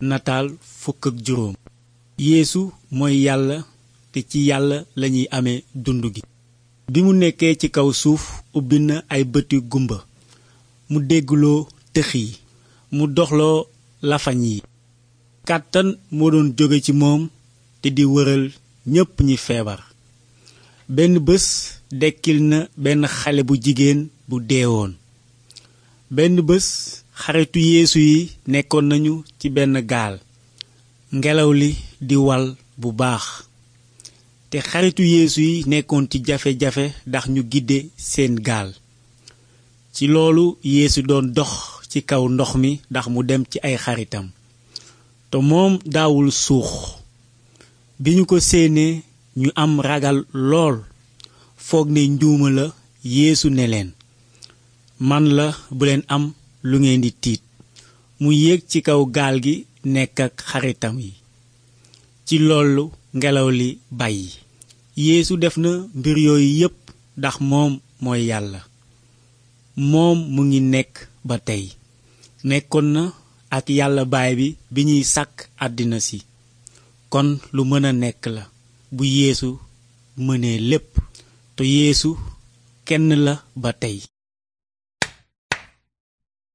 nataal fukk ak mooy yàlla te ci yàlla lañuy amee dund gi bi mu nekkee ci kaw suuf ubbi na ay bëti gumba mu déggloo tëx yi mu doxloo lafañ yi kàttan moo doon jóge ci moom te di wëral ñépp ñi feebar benn bés dekkil na benn xale bu jigéen bu deewoon benn bés xaritu yeesu yi nekkoon nañu ci benn gaal ngelaw li di wal bu baax te xaritu yéesu yi nekkoon ci jafe-jafe ndax ñu gidde seen gaal ci loolu yéesu doon dox ci kaw ndox mi ndax mu dem ci ay xaritam te moom daawul suux bi ñu ko séenee ñu am ragal lool foog ne njuuma la yéesu ne leen man la buleen am lu ngeen di tiit mu yéeg ci kaw gaal gi nekk ak xaritam yi ci loolu ngelaw li bàyyi yéesu def na mbir yooyu yépp ndax moom mooy yàlla moom mu ngi nekk ba tey nekkoon na ak yàlla baay bi bi ñuy sàkk àddina si kon lu mën a nekk la bu yéesu mënee lépp te yéesu kenn la ba tey